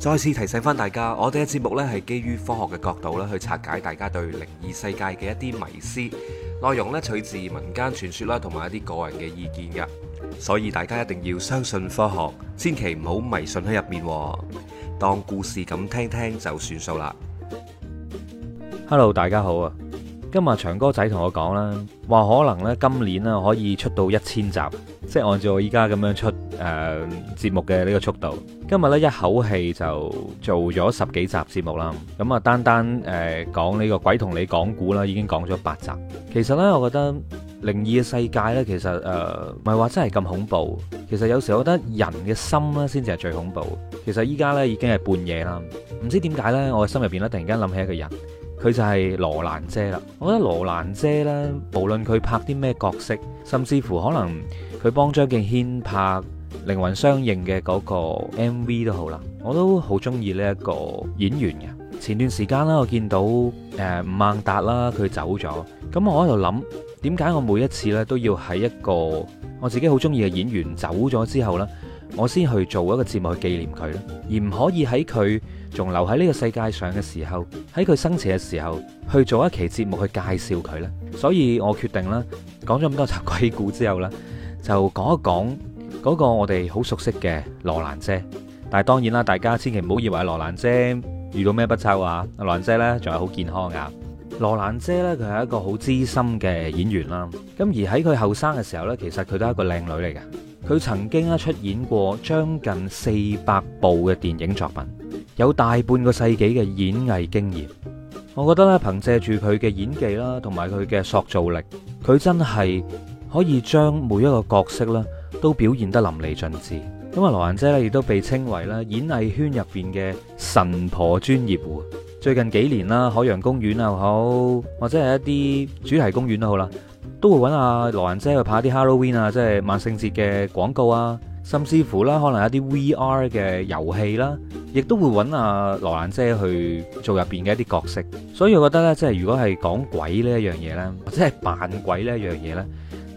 再次提醒翻大家，我哋嘅節目咧係基於科學嘅角度去拆解大家對靈異世界嘅一啲迷思，內容咧取自民間傳說啦，同埋一啲個人嘅意見嘅，所以大家一定要相信科學，千祈唔好迷信喺入面，當故事咁聽聽就算數啦。Hello，大家好啊！今日長哥仔同我講啦，話可能今年可以出到一千集，即係按照我依家咁樣出。誒、呃，節目嘅呢個速度，今日呢，一口氣就做咗十幾集節目啦。咁啊，單單誒、呃、講呢、呢個鬼同你講古啦，已經講咗八集。其實呢，我覺得靈異嘅世界呢，其實誒唔係話真係咁恐怖。其實有時我覺得人嘅心呢，先至係最恐怖。其實依家呢，已經係半夜啦，唔知點解呢，我心入邊呢，突然間諗起一個人，佢就係羅蘭姐啦。我覺得羅蘭姐呢，無論佢拍啲咩角色，甚至乎可能佢幫張敬軒拍。靈魂相應嘅嗰個 M V 都好啦，我都好中意呢一個演員嘅。前段時間啦，我見到誒吳、呃、孟達啦，佢走咗。咁我喺度諗，點解我每一次呢都要喺一個我自己好中意嘅演員走咗之後呢，我先去做一個節目去紀念佢呢，而唔可以喺佢仲留喺呢個世界上嘅時候，喺佢生前嘅時候去做一期節目去介紹佢呢？所以我決定啦，講咗咁多集鬼故之後呢，就講一講。嗰個我哋好熟悉嘅羅蘭姐，但係當然啦，大家千祈唔好以為羅蘭姐遇到咩不測啊！羅蘭姐呢，仲係好健康噶。羅蘭姐呢，佢係一個好資深嘅演員啦。咁而喺佢後生嘅時候呢，其實佢都係一個靚女嚟嘅。佢曾經咧出演過將近四百部嘅電影作品，有大半個世紀嘅演藝經驗。我覺得咧，憑藉住佢嘅演技啦，同埋佢嘅塑造力，佢真係可以將每一個角色啦。都表現得淋漓盡致。咁啊，羅蘭姐咧亦都被稱為咧演藝圈入邊嘅神婆專業戶。最近幾年啦，海洋公園又好，或者係一啲主題公園都好啦，都會揾阿羅蘭姐去拍啲 Halloween 啊，即係萬聖節嘅廣告啊，甚至乎啦，可能一啲 VR 嘅遊戲啦，亦都會揾阿羅蘭姐去做入邊嘅一啲角色。所以我覺得咧，即係如果係講鬼呢一樣嘢咧，或者係扮鬼呢一樣嘢咧。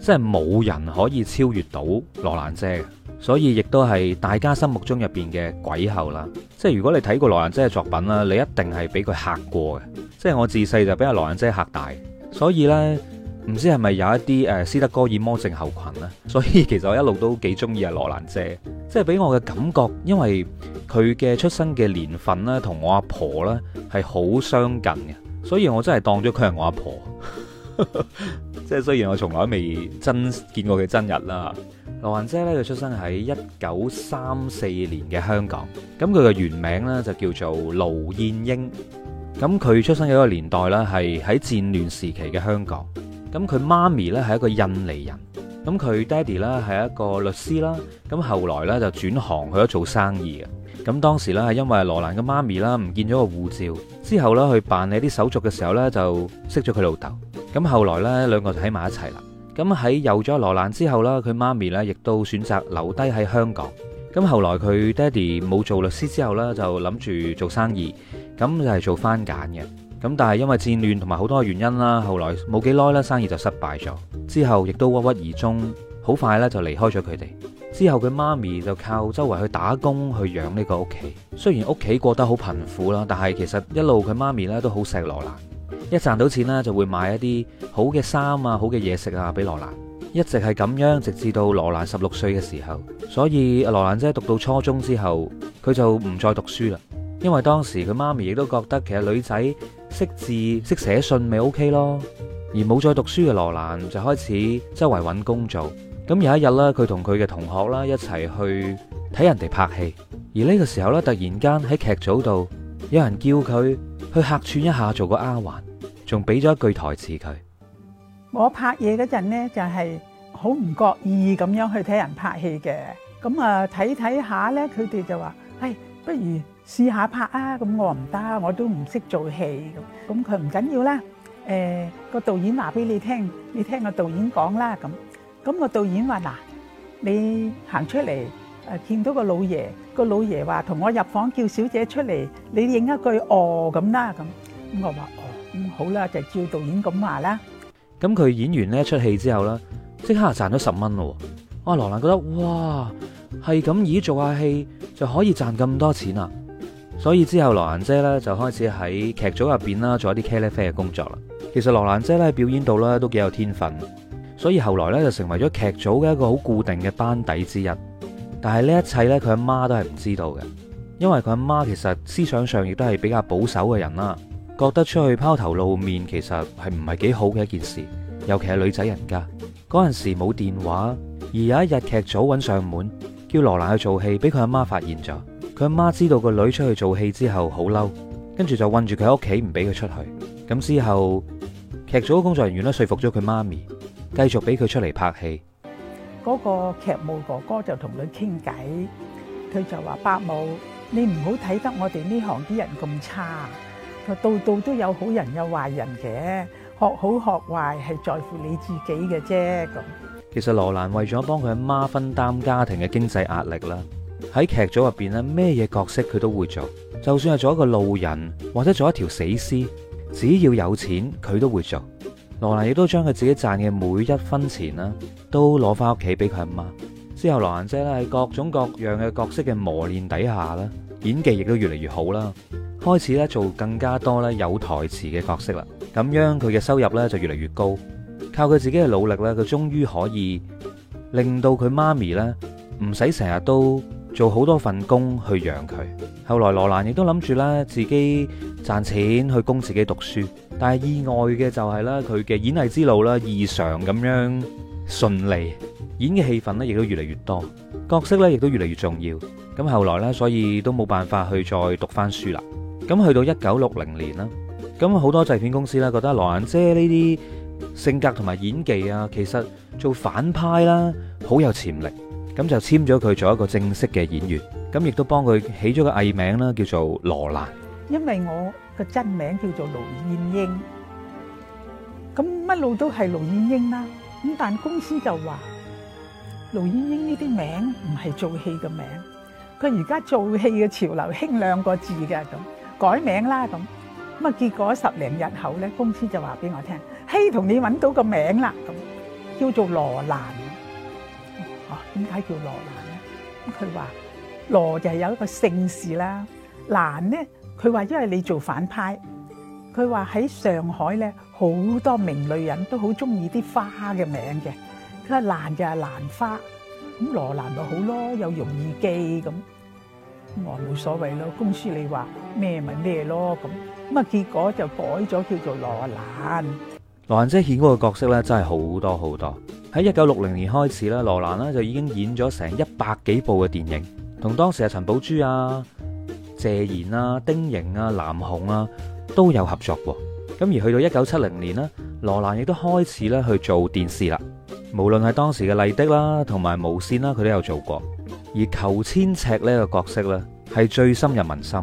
即係冇人可以超越到羅蘭姐，所以亦都係大家心目中入邊嘅鬼后啦。即係如果你睇過羅蘭姐嘅作品啦，你一定係俾佢嚇過嘅。即係我自細就俾阿羅蘭姐嚇大，所以呢，唔知係咪有一啲誒斯德哥爾摩症候群呢？所以其實我一路都幾中意阿羅蘭姐，即係俾我嘅感覺，因為佢嘅出生嘅年份呢同我阿婆呢係好相近嘅，所以我真係當咗佢係我阿婆。 即係雖然我從來未真見過佢真人啦，羅蘭姐呢，佢出生喺一九三四年嘅香港，咁佢嘅原名呢，就叫做盧燕英，咁佢出生嘅一個年代呢，係喺戰亂時期嘅香港，咁佢媽咪呢，係一個印尼人，咁佢爹哋呢，係一個律師啦，咁後來呢，就轉行去咗做生意嘅，咁當時呢，係因為羅蘭嘅媽咪啦唔見咗個護照，之後呢，去辦理啲手續嘅時候呢，就識咗佢老豆。咁後來咧，兩個就喺埋一齊啦。咁喺有咗羅蘭之後咧，佢媽咪咧亦都選擇留低喺香港。咁後來佢爹哋冇做律師之後咧，就諗住做生意。咁就係做番梘嘅。咁但係因為戰亂同埋好多原因啦，後來冇幾耐啦，生意就失敗咗。之後亦都鬱郁而終，好快咧就離開咗佢哋。之後佢媽咪就靠周圍去打工去養呢個屋企。雖然屋企過得好貧苦啦，但係其實一路佢媽咪咧都好錫羅蘭。一賺到錢啦，就會買一啲好嘅衫啊、好嘅嘢食啊，俾羅蘭。一直係咁樣，直至到羅蘭十六歲嘅時候。所以羅蘭姐讀到初中之後，佢就唔再讀書啦，因為當時佢媽咪亦都覺得其實女仔識字識寫信咪 OK 咯。而冇再讀書嘅羅蘭就開始周圍揾工做。咁有一日咧，佢同佢嘅同學啦一齊去睇人哋拍戲，而呢個時候咧，突然間喺劇組度有人叫佢去客串一下做個丫鬟。仲俾咗一句台詞佢。我拍嘢嗰陣咧，就係好唔覺意咁樣去睇人拍戲嘅。咁啊睇睇下咧，佢哋就話：哎，不如試下拍啊！咁我唔得，我都唔識做戲咁。咁佢唔緊要啦。誒，呃，個導演話俾你聽，你聽個導演講啦。咁咁個導演話：嗱，你行出嚟，誒，見到個老爺，個老爺話同我入房叫小姐出嚟，你應一句哦咁啦。咁我話。咁、嗯、好啦，就照導演咁話啦。咁佢演完呢一出戲之後呢，即刻賺咗十蚊咯。啊羅蘭覺得哇，係咁咦？做下戲就可以賺咁多錢啦。所以之後羅蘭姐呢就開始喺劇組入邊啦，做一啲茄喱啡嘅工作啦。其實羅蘭姐呢表演到呢都幾有天分，所以後來呢就成為咗劇組嘅一個好固定嘅班底之一。但係呢一切呢，佢阿媽都係唔知道嘅，因為佢阿媽其實思想上亦都係比較保守嘅人啦。覺得出去拋頭露面其實係唔係幾好嘅一件事，尤其係女仔人家嗰陣時冇電話，而有一日劇組揾上門，叫羅蘭去做戲，俾佢阿媽發現咗。佢阿媽，媽知道個女出去做戲之後好嬲，跟住就困住佢屋企唔俾佢出去。咁之後劇組工作人員咧說服咗佢媽咪，繼續俾佢出嚟拍戲。嗰、那個劇務哥哥就同佢傾偈，佢就話：伯母，你唔好睇得我哋呢行啲人咁差。度度都有好人有壞人嘅，學好學壞係在乎你自己嘅啫。咁其實羅蘭為咗幫佢阿媽分擔家庭嘅經濟壓力啦，喺劇組入邊咧咩嘢角色佢都會做，就算係做一個路人或者做一條死屍，只要有錢佢都會做。羅蘭亦都將佢自己賺嘅每一分錢啦，都攞翻屋企俾佢阿媽。之後羅蘭姐咧喺各種各樣嘅角色嘅磨練底下啦，演技亦都越嚟越好啦。開始咧做更加多咧有台詞嘅角色啦，咁樣佢嘅收入咧就越嚟越高。靠佢自己嘅努力咧，佢終於可以令到佢媽咪咧唔使成日都做好多份工去養佢。後來羅蘭亦都諗住咧自己賺錢去供自己讀書，但係意外嘅就係咧佢嘅演藝之路咧異常咁樣順利，演嘅戲份咧亦都越嚟越多，角色咧亦都越嚟越重要。咁後來咧，所以都冇辦法去再讀翻書啦。咁去到一九六零年啦，咁好多製片公司啦覺得羅蘭姐呢啲性格同埋演技啊，其實做反派啦好有潛力，咁就簽咗佢做一個正式嘅演員，咁亦都幫佢起咗個藝名啦，叫做羅蘭。因為我個真名叫做盧燕英，咁乜路都係盧燕英啦，咁但公司就話盧燕英呢啲名唔係做戲嘅名，佢而家做戲嘅潮流興兩個字嘅咁。改名啦咁，咁啊，結果十零日後咧，公司就話俾我聽，嘿，同你揾到個名啦咁，叫做羅蘭。哦，啊，點解叫羅蘭咧？咁佢話羅就係有一個姓氏啦，蘭咧，佢話因為你做反派，佢話喺上海咧，好多名女人都好中意啲花嘅名嘅，佢話蘭就係蘭花，咁羅蘭咪好咯，又容易記咁。我冇所謂咯，公司你話咩咪咩咯咁，咁結果就改咗叫做羅蘭。羅蘭姐演嗰個角色咧，真係好多好多。喺一九六零年開始咧，羅蘭呢就已經演咗成一百幾部嘅電影，同當時嘅陳寶珠啊、謝賢啊、丁瑩啊、南紅啊都有合作。咁而去到一九七零年呢，羅蘭亦都開始咧去做電視啦，無論係當時嘅麗的啦，同埋無線啦，佢都有做過。而裘千尺呢個角色呢，係最深入民心。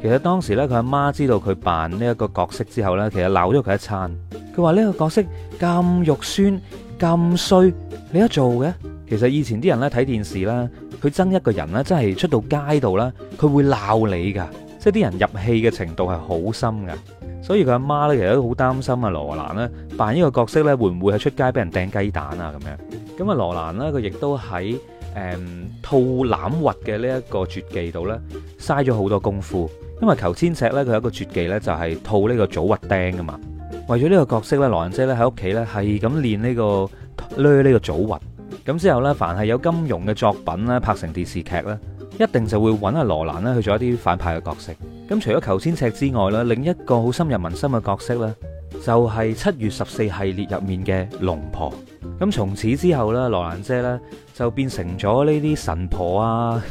其實當時呢，佢阿媽知道佢扮呢一個角色之後呢，其實鬧咗佢一餐。佢話呢個角色咁肉酸咁衰，你一做嘅？其實以前啲人呢，睇電視啦，佢憎一個人呢，真係出到街度呢，佢會鬧你㗎。即係啲人入戲嘅程度係好深㗎。所以佢阿媽呢，其實都好擔心啊。羅蘭呢扮呢個角色呢，會唔會係出街俾人掟雞蛋啊？咁樣咁啊，羅蘭呢，佢亦都喺，誒、um, 套攬核嘅呢一個絕技度呢，嘥咗好多功夫，因為《裘千尺》呢，佢有一個絕技呢，就係、是、套呢個組核釘噶嘛。為咗呢個角色呢，羅蘭姐呢喺屋企呢，係咁練呢個呢個組核。咁之後呢，凡係有金庸嘅作品呢，拍成電視劇呢，一定就會揾阿羅蘭呢去做一啲反派嘅角色。咁除咗《裘千尺》之外呢，另一個好深入民心嘅角色呢。就係、是、七月十四系列入面嘅龍婆，咁從此之後咧，羅蘭姐咧就變成咗呢啲神婆啊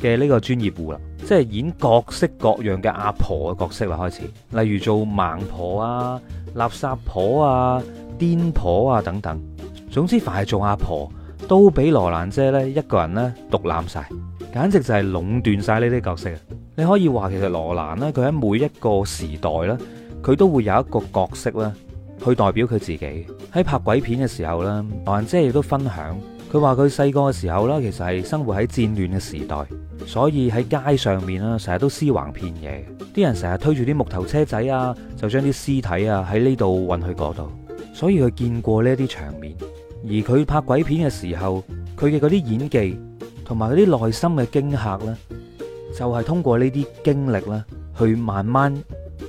嘅呢個專業戶啦，即係演各式各樣嘅阿婆嘅角色啦開始，例如做盲婆啊、垃圾婆啊、癲婆啊，癲婆啊等等，總之凡係做阿婆都俾羅蘭姐呢一個人呢獨攬晒，簡直就係壟斷晒呢啲角色啊！你可以話其實羅蘭呢，佢喺每一個時代咧。佢都會有一個角色啦，去代表佢自己喺拍鬼片嘅時候呢，蘭姐亦都分享，佢話佢細個嘅時候啦，其實係生活喺戰亂嘅時代，所以喺街上面啦，成日都屍橫遍野，啲人成日推住啲木頭車仔啊，就將啲屍體啊喺呢度運去嗰度，所以佢見過呢啲場面。而佢拍鬼片嘅時候，佢嘅嗰啲演技同埋嗰啲內心嘅驚嚇呢，就係、是、通過呢啲經歷呢，去慢慢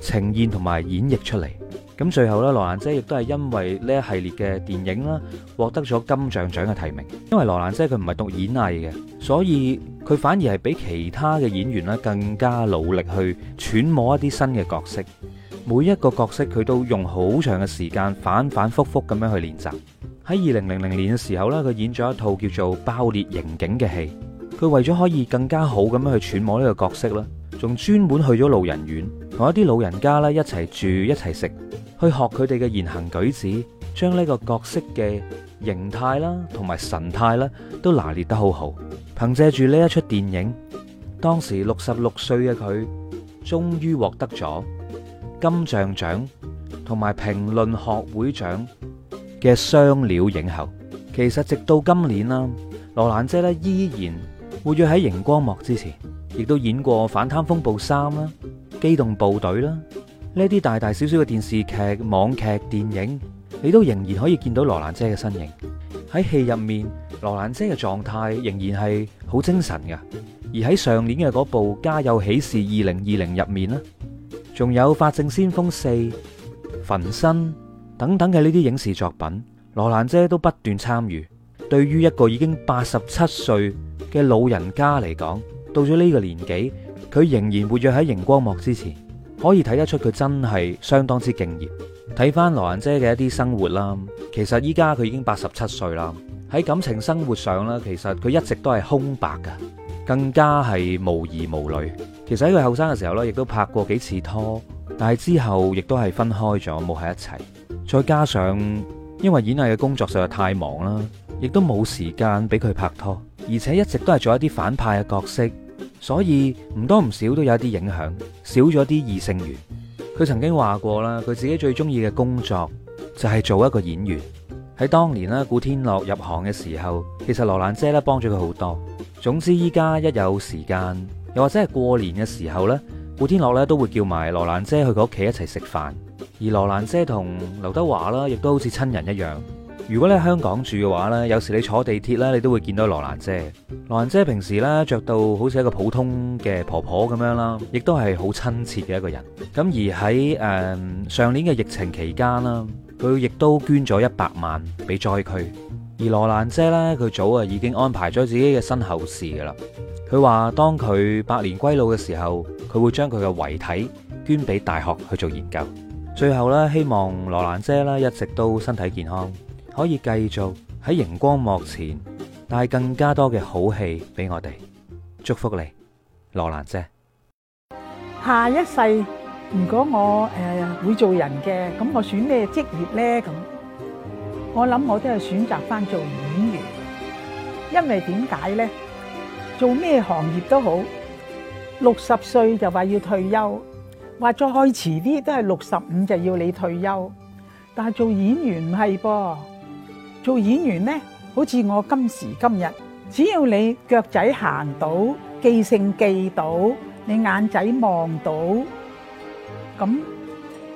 呈現同埋演繹出嚟咁，最後咧，羅蘭姐亦都係因為呢一系列嘅電影啦，獲得咗金像獎嘅提名。因為羅蘭姐佢唔係讀演藝嘅，所以佢反而係比其他嘅演員咧，更加努力去揣摩一啲新嘅角色。每一個角色佢都用好長嘅時間反反复复咁樣去練習。喺二零零零年嘅時候咧，佢演咗一套叫做《爆裂刑警》嘅戲。佢為咗可以更加好咁樣去揣摩呢個角色咧，仲專門去咗路人院。同一啲老人家咧，一齊住，一齊食，去學佢哋嘅言行舉止，將呢個角色嘅形態啦，同埋神態啦，都拿捏得好好。憑借住呢一出電影，當時六十六歲嘅佢，終於獲得咗金像獎同埋評論學會獎嘅雙料影后。其實直到今年啦，羅蘭姐咧依然活躍喺熒光幕之前，亦都演過《反貪風暴三》啦。機動部隊啦，呢啲大大小小嘅電視劇、網劇、電影，你都仍然可以見到羅蘭姐嘅身影。喺戲入面，羅蘭姐嘅狀態仍然係好精神嘅。而喺上年嘅嗰部《家有喜事二零二零》入面咧，仲有《法證先鋒四》、《焚身》等等嘅呢啲影視作品，羅蘭姐都不斷參與。對於一個已經八十七歲嘅老人家嚟講，到咗呢個年紀。佢仍然活躍喺熒光幕之前，可以睇得出佢真係相當之敬業。睇翻羅蘭姐嘅一啲生活啦，其實依家佢已經八十七歲啦。喺感情生活上咧，其實佢一直都係空白嘅，更加係無兒無女。其實喺佢後生嘅時候咧，亦都拍過幾次拖，但係之後亦都係分開咗，冇喺一齊。再加上因為演藝嘅工作實在太忙啦，亦都冇時間俾佢拍拖，而且一直都係做一啲反派嘅角色。所以唔多唔少都有一啲影響，少咗啲異性緣。佢曾經話過啦，佢自己最中意嘅工作就係做一個演員。喺當年啦，古天樂入行嘅時候，其實羅蘭姐咧幫咗佢好多。總之，依家一有時間，又或者係過年嘅時候咧，古天樂咧都會叫埋羅蘭姐去佢屋企一齊食飯。而羅蘭姐同劉德華啦，亦都好似親人一樣。如果你喺香港住嘅話呢，有時你坐地鐵呢，你都會見到羅蘭姐。羅蘭姐平時呢，着到好似一個普通嘅婆婆咁樣啦，亦都係好親切嘅一個人。咁而喺誒、呃、上年嘅疫情期間啦，佢亦都捐咗一百萬俾災區。而羅蘭姐呢，佢早啊已經安排咗自己嘅身後事噶啦。佢話當佢百年歸老嘅時候，佢會將佢嘅遺體捐俾大學去做研究。最後呢，希望羅蘭姐呢一直都身體健康。可以繼續喺熒光幕前帶更加多嘅好戲俾我哋，祝福你羅蘭姐。下一世如果我誒、呃、會做人嘅，咁我選咩職業咧？咁我諗我都係選擇翻做演員，因為點解咧？做咩行業都好，六十歲就話要退休，話再開遲啲都係六十五就要你退休。但係做演員唔係噃。做演員呢，好似我今時今日，只要你腳仔行到，記性記到，你眼仔望到，咁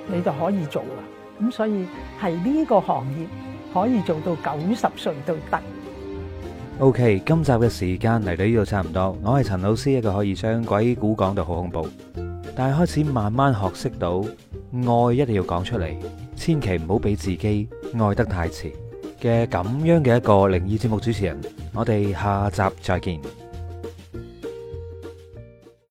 你就可以做啦。咁所以係呢個行業可以做到九十歲都得。OK，今集嘅時間嚟到呢度差唔多。我係陳老師，一個可以將鬼故講到好恐怖，但係開始慢慢學識到愛一定要講出嚟，千祈唔好俾自己愛得太遲。嘅咁樣嘅一個靈異節目主持人，我哋下集再見。